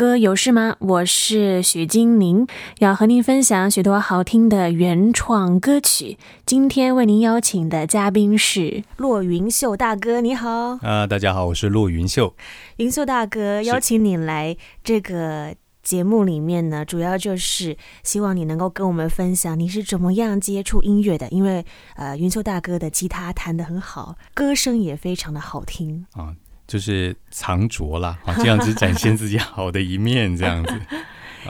.哥有事嗎？我是許金寧，要和您分享許多好聽的原創歌曲。今天為您邀請的嘉賓是駱雲秀大哥，你好。啊、呃，大家好，我是駱雲秀。雲秀大哥，邀請你來這個節目裡面呢，主要就是希望你能夠跟我們分享你是怎麼樣接觸音樂的，因為呃，雲秀大哥的吉他彈得很好，歌聲也非常的好聽啊。就是藏拙啦，這樣子展現自己好的一面，這樣子。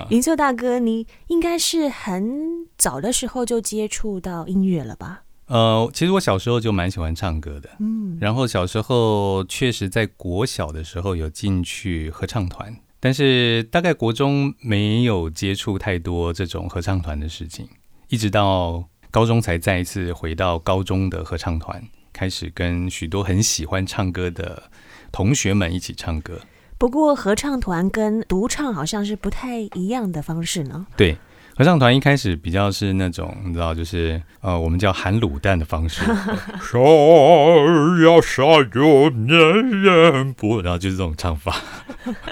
雲 秀大哥，你應該是很早的時候就接觸到音樂了吧？呃，其實我小時候就蠻喜歡唱歌的，嗯。然後小時候確實在國小的時候有進去合唱團，但是大概國中沒有接觸太多這種合唱團的事情，一直到高中才再一次回到高中的合唱團。開始跟許多很喜歡唱歌的同學們一起唱歌。不過，合唱團跟獨唱好像是不太一樣的方式呢？對，合唱團一開始比較是那種，你知道，就是呃，我們叫含滷蛋的方式，呀不，然後就是這種唱法。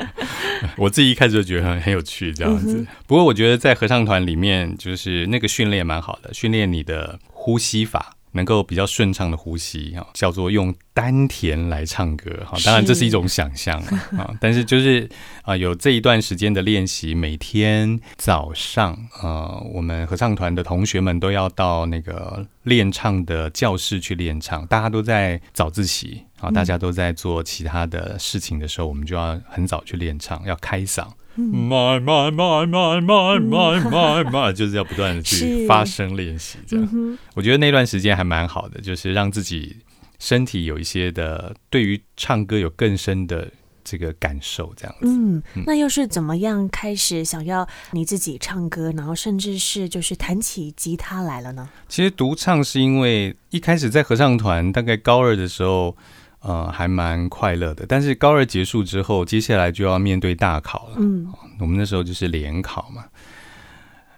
我自己一開始就覺得很很有趣這樣子。嗯、不過，我覺得在合唱團裡面，就是那個訓練蠻好的，訓練你的呼吸法。能夠比較順暢的呼吸啊，叫做用丹田來唱歌啊。當然這是一種想象啊，是 但是就是啊，有這一段時間的練習，每天早上啊、呃，我們合唱團的同學們都要到那個練唱的教室去練唱。大家都在早自習啊，大家都在做其他的事情的時候，嗯、我們就要很早去練唱，要開嗓。嗯、my my my my, my, my, my, my, my 就是要不斷地去發聲練習這樣，嗯。我覺得那段時間還蠻好的，就是讓自己身體有一些的，對於唱歌有更深的這個感受這樣子。子、嗯，嗯，那又是怎麼樣開始想要你自己唱歌，然後甚至是就是彈起吉他來了呢？其實獨唱是因為一開始在合唱團，大概高二的時候。呃，還蠻快樂的。但是高二結束之後，接下來就要面對大考了。嗯哦、我們那時候就是聯考嘛。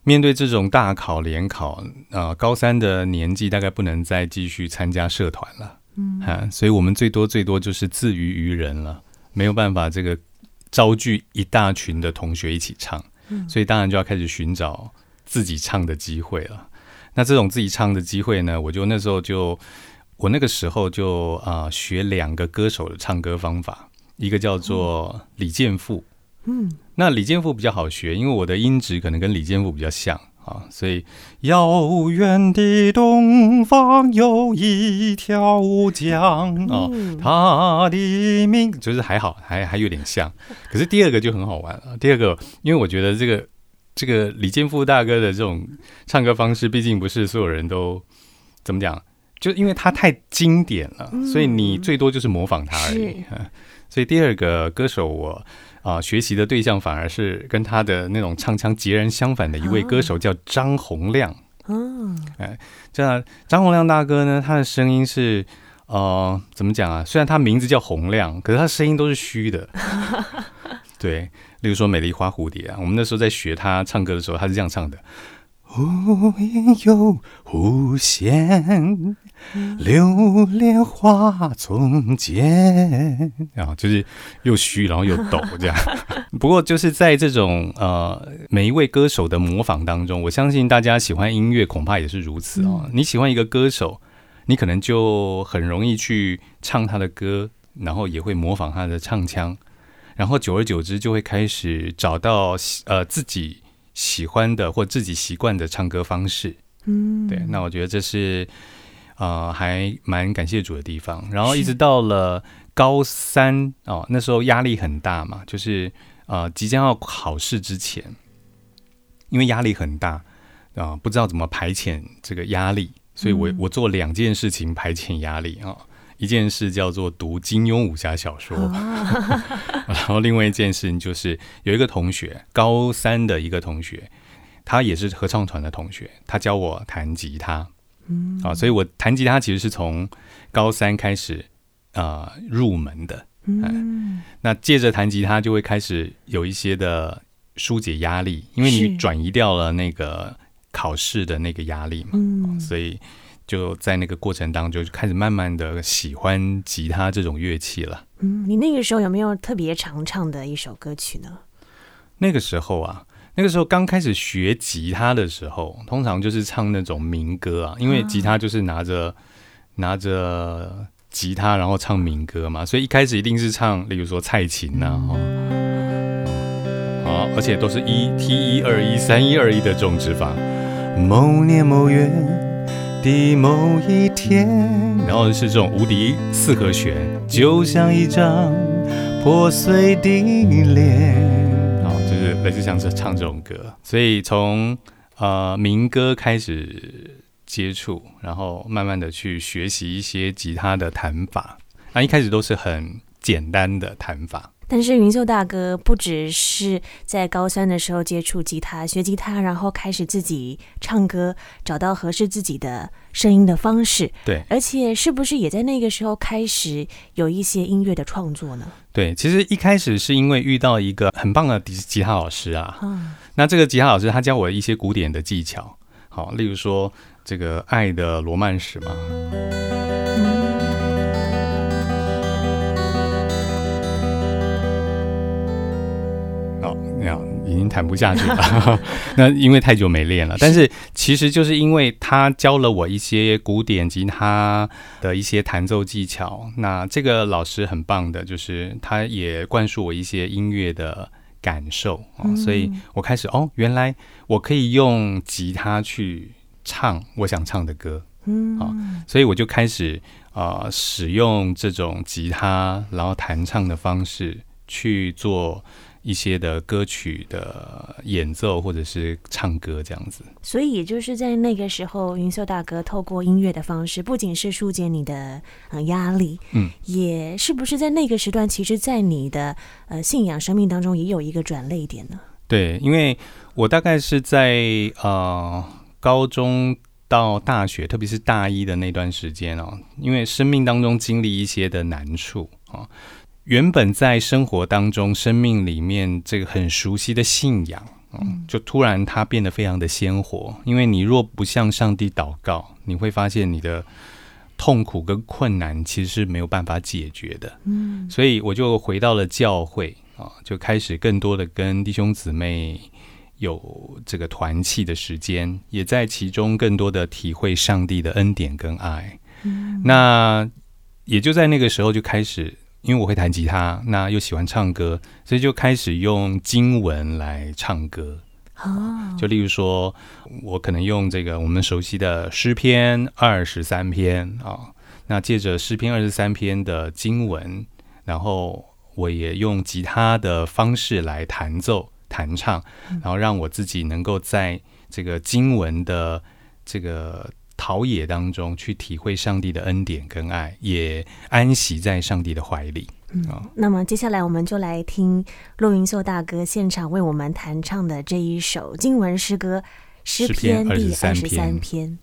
面對這種大考聯考，呃，高三的年紀大概不能再繼續參加社團了。嗯、啊，所以我們最多最多就是自娛娛人了，沒有辦法這個招聚一大群的同學一起唱。嗯、所以當然就要開始尋找自己唱的機會了。那這種自己唱的機會呢，我就那時候就。我那個時候就啊、呃、學兩個歌手的唱歌方法，一個叫做李建復，嗯，那李建復比較好學，因為我的音質可能跟李建復比較像啊，所以遙遠的東方有一條江，嗯、哦，他的名就是還好，還還有點像，可是第二個就很好玩了、啊，第二個因為我覺得這個這個李建復大哥的這種唱歌方式，畢竟不是所有人都怎麼講。就因為他太經典了、嗯，所以你最多就是模仿他而已。所以第二個歌手我，我、呃、啊學習的對象反而是跟他的那種唱腔截然相反的一位歌手，叫張洪量。嗯，嗯哎、這張洪量大哥呢，他的聲音是呃，怎麼講啊？雖然他名字叫洪量，可是他聲音都是虛的。 對，例如說《美麗花蝴蝶》啊，我們那時候在學他唱歌的時候，他是這樣唱的：忽隱又忽現。流連花叢間、嗯、啊，就是又虛，然後又抖這樣。 不過就是在這種呃，每一位歌手的模仿當中，我相信大家喜歡音樂恐怕也是如此哦、嗯。你喜歡一個歌手，你可能就很容易去唱他的歌，然後也會模仿他的唱腔，然後久而久之就會開始找到呃自己喜歡的或自己習慣的唱歌方式。嗯，對，那我覺得這是。呃，還蠻感謝主的地方。然後一直到了高三哦，那時候壓力很大嘛，就是啊、呃，即將要考試之前，因為壓力很大啊、呃，不知道怎麼排遣這個壓力，所以我、嗯、我做兩件事情排遣壓力啊、哦，一件事叫做讀金庸武俠小說，啊、 然後另外一件事情就是有一個同學，高三的一個同學，他也是合唱團的同學，他教我彈吉他。嗯啊，所以我彈吉他其實是從高三開始啊、呃、入門的。嗯，嗯那借着彈吉他就會開始有一些的疏解壓力，因為你轉移掉了那個考試的那個壓力嘛。嗯啊、所以就在那個過程當中，就開始慢慢的喜歡吉他這種樂器了。嗯，你那個時候有沒有特別常唱的一首歌曲呢？那個時候啊。那個時候剛開始學吉他的時候，通常就是唱那種民歌啊，因為吉他就是拿着拿着吉他然後唱民歌嘛，所以一開始一定是唱，例如說蔡琴吶、啊，啊、哦，而且都是一 t 一二一三一二一的這種指法。某年某月的某一天，然後是這種無敵四和弦，嗯、就像一張破碎的臉。每次像是唱這種歌，所以從呃民歌開始接觸，然後慢慢的去學習一些吉他的彈法，那、啊、一開始都是很簡單的彈法。但是雲秀大哥不只是在高三的時候接觸吉他、學吉他，然後開始自己唱歌，找到合適自己的聲音的方式。對，而且是不是也在那個時候開始有一些音樂的創作呢？對，其實一開始是因為遇到一個很棒的吉他老師啊。嗯。那這個吉他老師他教我一些古典的技巧，好，例如說這個《愛的羅曼史》嘛。已經彈不下去了， 那因為太久沒練了。但是其實就是因為他教了我一些古典吉他的一些彈奏技巧，那這個老師很棒的，就是他也灌輸我一些音樂的感受，哦、所以我開始哦，原來我可以用吉他去唱我想唱的歌，嗯、哦、啊，所以我就開始啊、呃、使用這種吉他然後彈唱的方式去做。一些的歌曲的演奏或者是唱歌這樣子，所以也就是在那個時候，雲秀大哥透過音樂的方式，不僅是疏解你的嗯壓力，嗯，也是不是在那個時段，其實，在你的呃信仰生命當中也有一個轉捩點呢？對，因為我大概是在呃高中到大學，特別是大一的那段時間哦，因為生命當中經歷一些的難處啊、哦。原本在生活當中，生命裡面這個很熟悉的信仰，嗯，就突然它變得非常的鮮活。因為你若不向上帝禱告，你會發現你的痛苦跟困難其實是沒有辦法解決的。嗯，所以我就回到了教會啊，就開始更多的跟弟兄姊妹有這個團契的時間，也在其中更多的體會上帝的恩典跟愛。嗯，那也就在那個時候就開始。因為我會彈吉他，那又喜歡唱歌，所以就開始用經文來唱歌。Oh. 就例如說，我可能用這個我們熟悉的詩篇二十三篇啊、哦，那借着詩篇二十三篇的經文，然後我也用吉他的方式來彈奏、彈唱，然後讓我自己能夠在這個經文的這個。陶冶當中去體會上帝的恩典跟愛，也安息在上帝的懷裡。嗯，那麼接下來我們就來聽駱雲秀大哥現場為我們彈唱的這一首經文詩歌《詩篇》第二十三篇。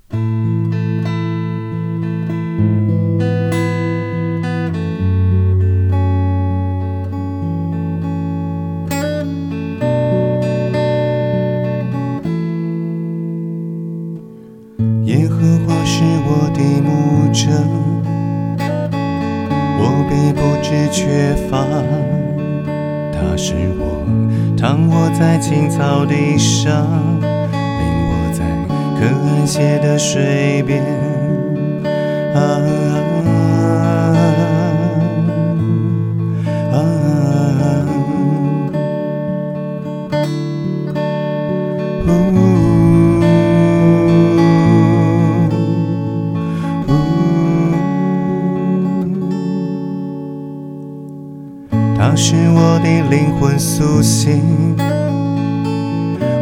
我的靈魂甦醒，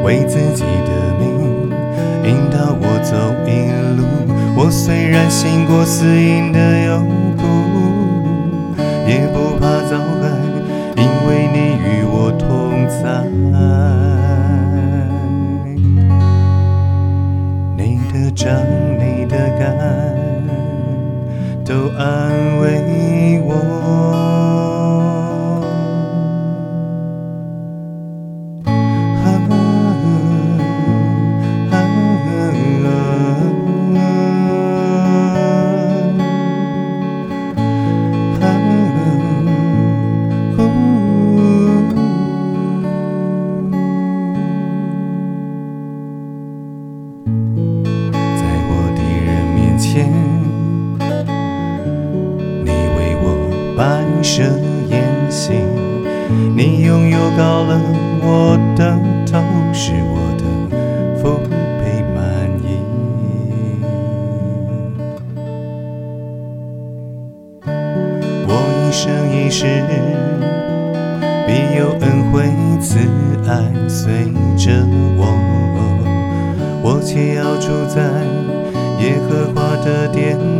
為自己的命引導我走一路。我雖然行過死蔭的幽谷，也不怕遭害，因為你與我同在。你的掌。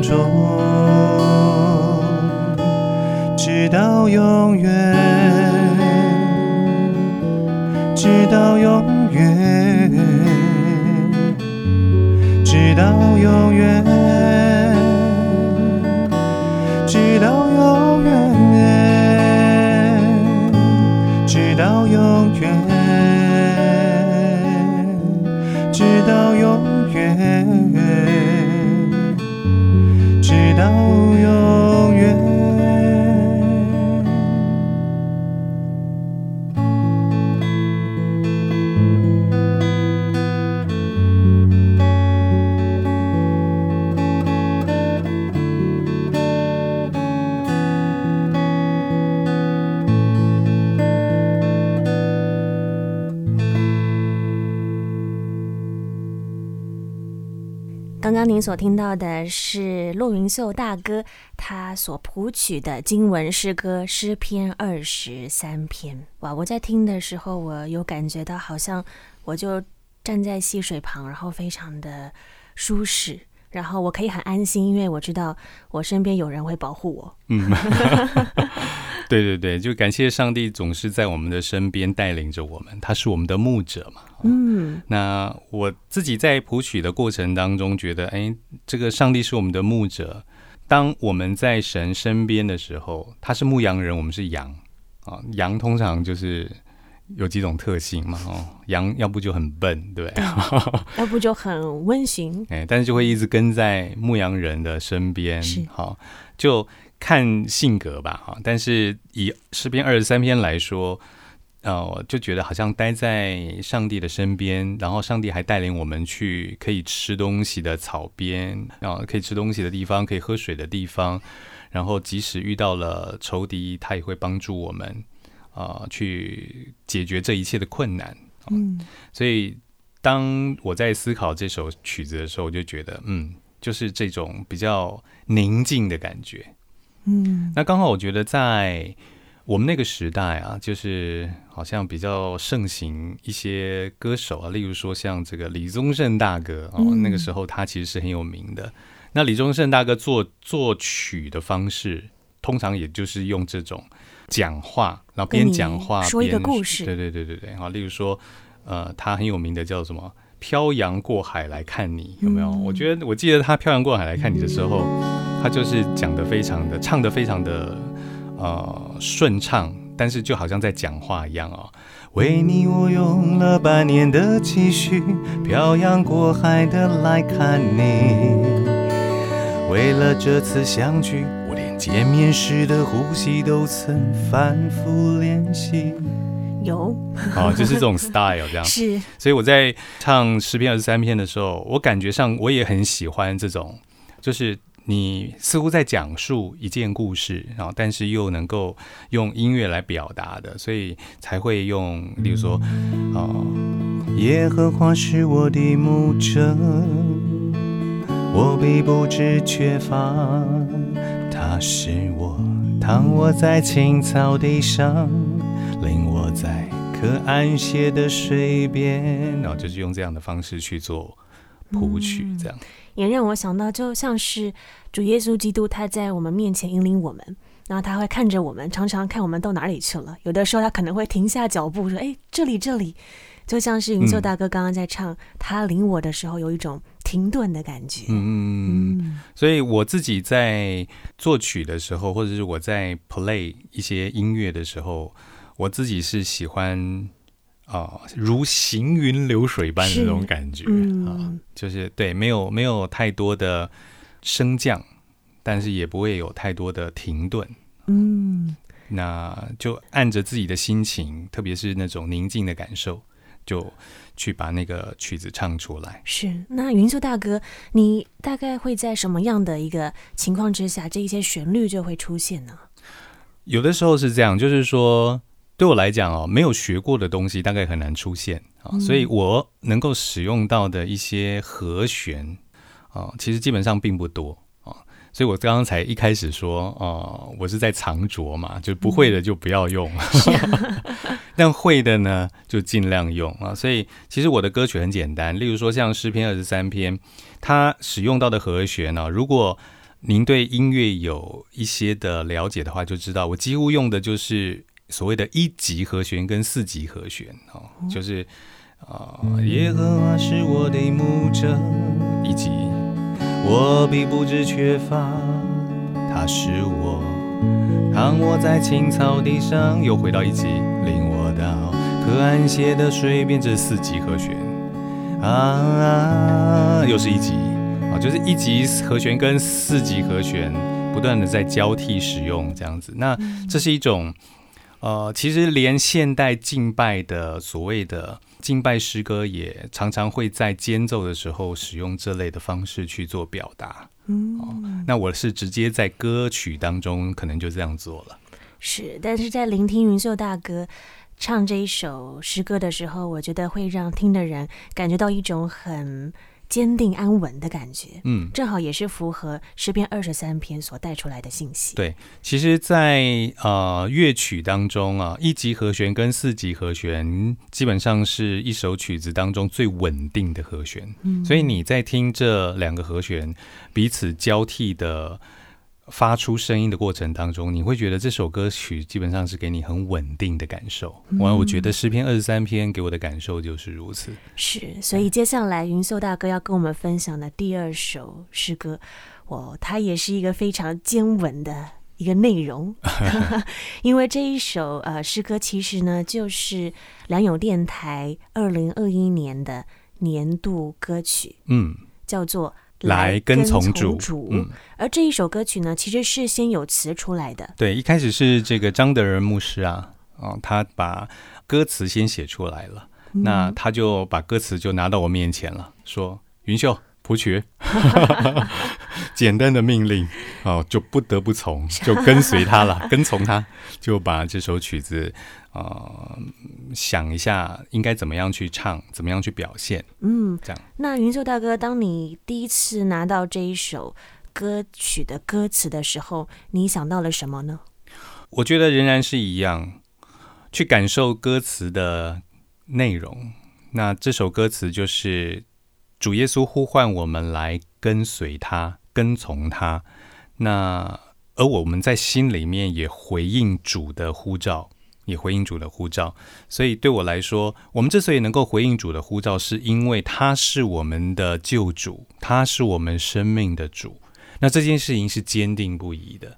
說，直到永遠，直到永遠，直到永遠。剛剛您所聽到的是駱雲秀大哥他所譜曲的經文詩歌詩篇二十三篇，哇！我在聽的時候，我有感覺到好像我就站在溪水旁，然後非常的舒適，然後我可以很安心，因為我知道我身邊有人會保護我。嗯 對對對，就感謝上帝總是在我們的身邊帶領着我們，他是我們的牧者嘛。嗯，哦、那我自己在譜曲的過程當中，覺得哎，這個上帝是我們的牧者。當我們在神身邊的時候，他是牧羊人，我們是羊、哦、羊通常就是有幾種特性嘛，哦，羊要不就很笨，對，對要不就很溫馴，哎，但是就會一直跟在牧羊人的身邊。是，好、哦，就。看性格吧，哈，但是以詩篇二十三篇來說，呃，就覺得好像待在上帝的身邊，然後上帝還帶領我們去可以吃東西的草邊，然、呃、後可以吃東西的地方，可以喝水的地方，然後即使遇到了仇敵，他也會幫助我們，啊、呃，去解決這一切的困難、呃。嗯，所以當我在思考這首曲子的時候，我就覺得，嗯，就是這種比較寧靜的感覺。嗯，那剛好我覺得在我們那個時代啊，就是好像比較盛行一些歌手啊，例如說像這個李宗盛大哥哦、嗯，那個時候他其實是很有名的。那李宗盛大哥作作曲的方式，通常也就是用這種講話，然後邊講話邊故事，對對對對對。好，例如說呃，他很有名的叫什麼《漂洋過海來看你》，有沒有、嗯？我覺得我記得他《漂洋過海來看你》的時候。嗯他就是講的非常的，唱的非常的，呃，順暢，但是就好像在講話一樣哦。為你我用了半年的積蓄，漂洋過海的來看你。為了這次相聚，我連見面時的呼吸都曾反覆練習。有，好、哦，就是這種 style 這樣。是。所以我在唱詩篇二十三篇的時候，我感覺上我也很喜歡這種，就是。你似乎在講述一件故事，然後，哦，但是又能夠用音樂來表達的，所以才會用，例如說，哦，耶和華是我的牧者，我必不致缺乏，他是我躺臥在青草地上，領我在可安歇的水邊，然後，哦，就是用這樣的方式去做譜曲、嗯，這樣。也讓我想到，就像是主耶穌基督，他在我們面前引領我們，然後他會看着我們，常常看我們到哪裡去了。有的時候他可能會停下腳步，說：“誒，這裡，這裡。”就像是雲秀大哥剛剛在唱，他領我的時候有一種停頓的感覺嗯。嗯，所以我自己在作曲的時候，或者是我在 play 一些音樂的時候，我自己是喜歡。哦，如行雲流水般的那種感覺啊、嗯哦，就是對，沒有沒有太多的升降，但是也不會有太多的停頓。嗯、哦，那就按着自己的心情，特別是那種寧靜的感受，就去把那個曲子唱出來。是，那雲秀大哥，你大概會在什麼樣的一個情況之下，這一些旋律就會出現呢？有的時候是這樣，就是說。對我來講哦，沒有學過的東西大概很難出現啊、嗯，所以我能夠使用到的一些和弦啊、呃，其實基本上並不多啊、呃。所以我剛剛才一開始說哦、呃，我是在藏拙嘛，就不會的就不要用，嗯、 但會的呢就儘量用啊、呃。所以其實我的歌曲很簡單，例如說像詩篇二十三篇，它使用到的和弦呢、哦，如果您對音樂有一些的了解的話，就知道我幾乎用的就是。所謂的一級和弦跟四級和弦，哦，就是啊、呃 耶和華、啊、是我的牧者，一級，我必不知缺乏，他是我，躺臥在青草地上，又回到一級，領我到可安歇的水邊，這是四級和弦，啊，啊，又是一級，啊，就是一級和弦跟四級和弦不斷的在交替使用，這樣子，那這是一種。呃，其實連現代敬拜的所謂的敬拜詩歌，也常常會在間奏的時候使用這類的方式去做表達。嗯、哦，那我是直接在歌曲當中可能就這樣做了。是，但是在聆聽雲秀大哥唱這一首詩歌的時候，我覺得會讓聽的人感覺到一種很。堅定安穩的感覺，嗯，正好也是符合詩篇二十三篇所帶出來的信息。嗯、對，其實在，在呃樂曲當中啊，一級和絃跟四級和絃基本上是一首曲子當中最穩定的和絃，嗯，所以你在聽這兩個和絃彼此交替的。發出聲音的過程當中，你會覺得這首歌曲基本上是給你很穩定的感受。我、嗯、我覺得詩篇二十三篇給我的感受就是如此。是，所以接下來雲秀大哥要跟我們分享的第二首詩歌，哦，它也是一個非常堅穩的一個內容。 因為這一首呃詩歌其實呢，就是良友電台二零二一年的年度歌曲，嗯，叫做。來跟，來跟從主，嗯，而這一首歌曲呢，其實是先有詞出來的。對，一開始是這個張德仁牧師啊，哦，他把歌詞先寫出來了，嗯，那他就把歌詞就拿到我面前了，說：“雲秀譜曲， 簡單的命令，哦，就不得不從，就跟隨他了， 跟從他，就把這首曲子。”呃，想一下應該怎麼樣去唱，怎麼樣去表現。嗯，這樣。那雲秀大哥，當你第一次拿到這一首歌曲的歌詞的時候，你想到了什麼呢？我覺得仍然是一樣，去感受歌詞的內容。那這首歌詞就是主耶穌呼喚我們來跟隨他，跟從他。那而我們在心裡面也回應主的呼召。也回應主的呼召，所以對我來說，我們之所以能夠回應主的呼召，是因為他是我們的救主，他是我們生命的主。那這件事情是堅定不移的。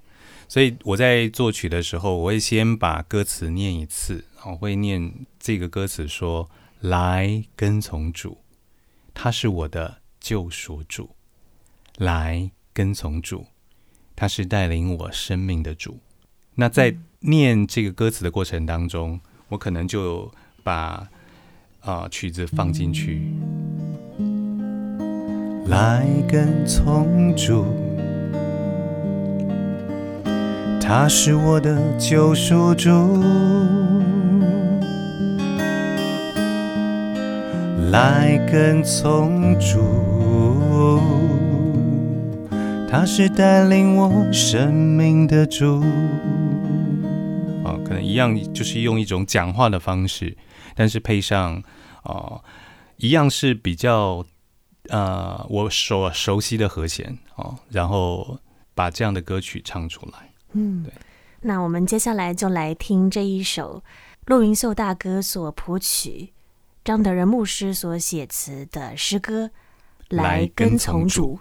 所以我在作曲的時候，我會先把歌詞念一次，我會念這個歌詞說：“來跟從主，他是我的救贖主；來跟從主，他是帶領我生命的主。”那在念這個歌詞的過程當中，我可能就把啊、呃、曲子放進去。來跟從主，他是我的救贖主。來跟從主，他是帶領我生命的主。可能一樣，就是用一種講話的方式，但是配上，哦、呃，一樣是比較，呃，我所熟悉的和弦哦、呃，然後把這樣的歌曲唱出來。嗯，對。那我們接下來就來聽這一首駱雲秀大哥所譜曲、張德仁牧師所寫詞的詩歌，來跟從主。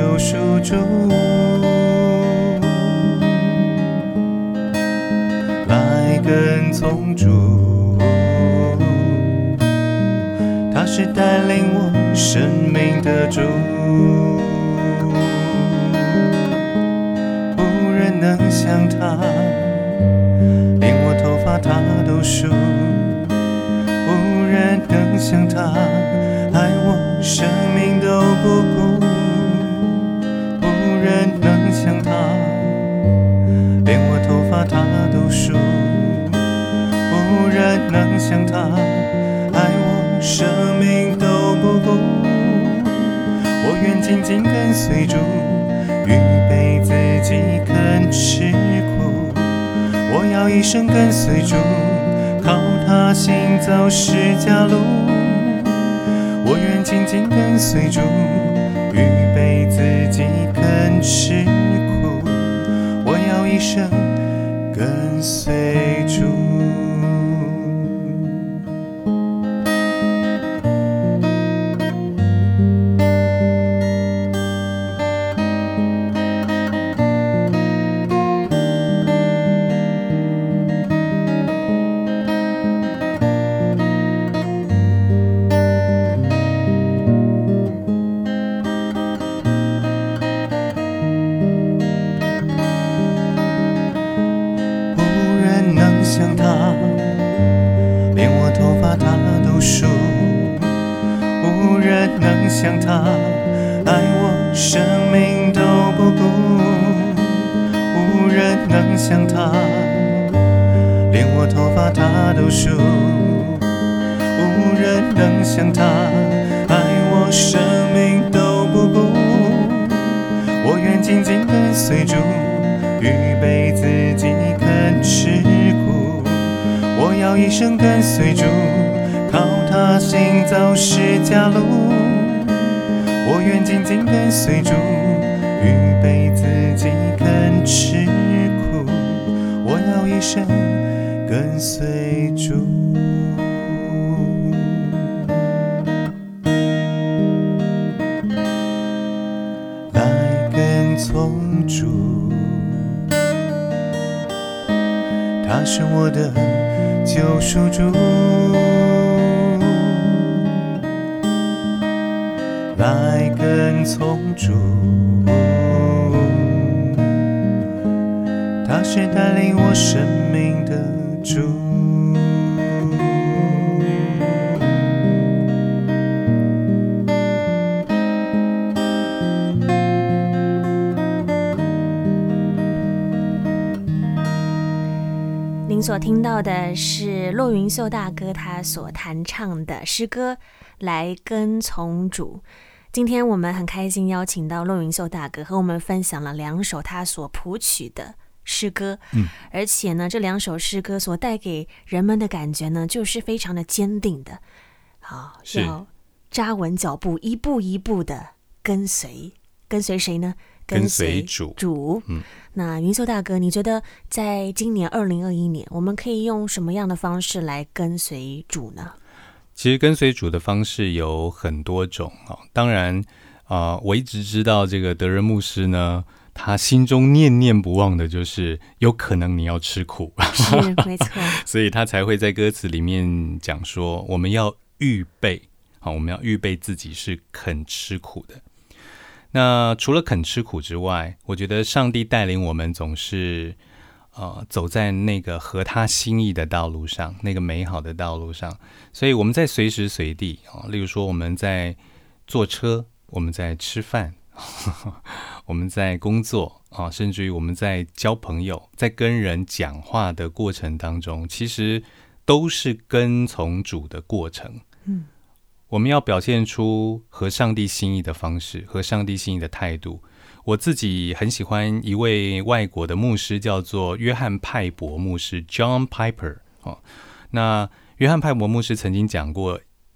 救贖主，來跟從主，他是帶領我生命的主，無人能像他。想他愛我，生命都不顧。我願緊緊跟隨主，預備自己肯吃苦。我要一生跟隨主，靠他行走十架路。我願緊緊跟隨主，預備自己肯吃苦。我要一生跟隨主。無人能像他愛我，生命都不顧。無人能像他，連我頭髮他都梳。無人能像他愛我，生命都不顧。我願緊緊跟隨主，預備自己肯吃苦。我要一生跟隨主。他行走十架路，我願緊緊跟隨主，預備自己肯吃苦，我要一生跟隨主， 來跟從主，他是我的救贖主。來跟從主，他是帶領我生命的主。您所聽到的是駱雲秀大哥他所彈唱的詩歌。來跟從主。今天我們很開心邀請到駱雲秀大哥，和我們分享了兩首他所譜曲的詩歌、嗯。而且呢，這兩首詩歌所帶給人們的感覺呢，就是非常的堅定的。好、啊，是要扎穩腳步，一步一步的跟隨，跟隨誰呢？跟隨主。跟隨主嗯、那雲秀大哥，你覺得在今年二零二一年，我們可以用什麼樣的方式來跟隨主呢？其實跟隨主的方式有很多種啊，當然，啊、呃，我一直知道這個德仁牧師呢，他心中念念不忘的就是，有可能你要吃苦，是， 沒錯，所以他才會在歌詞裡面講說，我們要預備，好、哦，我們要預備自己是肯吃苦的。那除了肯吃苦之外，我覺得上帝帶領我們總是。啊、呃，走在那個合他心意的道路上，那個美好的道路上。所以我們在隨時隨地啊、哦，例如說我們在坐車，我們在吃飯，呵呵我們在工作啊、哦，甚至於我們在交朋友、在跟人講話的過程當中，其實都是跟從主的過程。嗯，我們要表現出合上帝心意的方式，合上帝心意的態度。我自己很喜歡一位外國的牧師，叫做約翰派博牧師 （John Piper）。哦，那約翰派博牧師曾經講過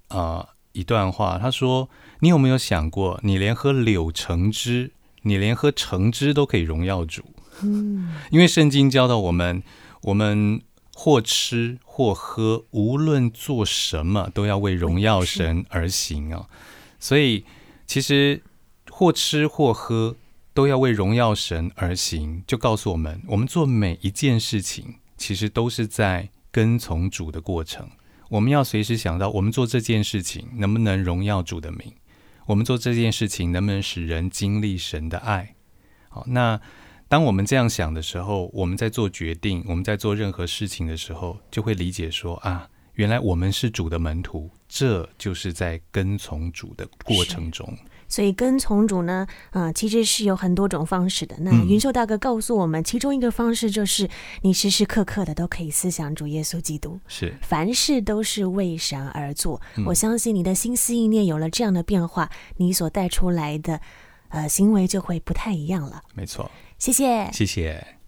啊、呃、一段話，他說：“你有沒有想過，你連喝柳橙汁，你連喝橙汁都可以榮耀主？因為聖經教導我們，我們或吃或喝，無論做什麼，都要為榮耀神而行啊、哦。所以，其實或吃或喝。”都要為榮耀神而行，就告訴我們，我們做每一件事情，其實都是在跟從主的過程。我們要隨時想到，我們做這件事情能不能榮耀主的名？我們做這件事情能不能使人經歷神的愛？好，那當我們這樣想的時候，我們在做決定，我們在做任何事情的時候，就會理解說啊，原來我們是主的門徒，這就是在跟從主的過程中。所以跟從主呢，啊、呃，其實是有很多種方式的。那雲秀大哥告訴我們、嗯，其中一個方式就是你時時刻刻的都可以思想主耶穌基督，是凡事都是為神而做。嗯、我相信你的心思意念有了這樣的變化，你所帶出來的，呃，行為就會不太一樣了。沒錯，謝謝，謝謝。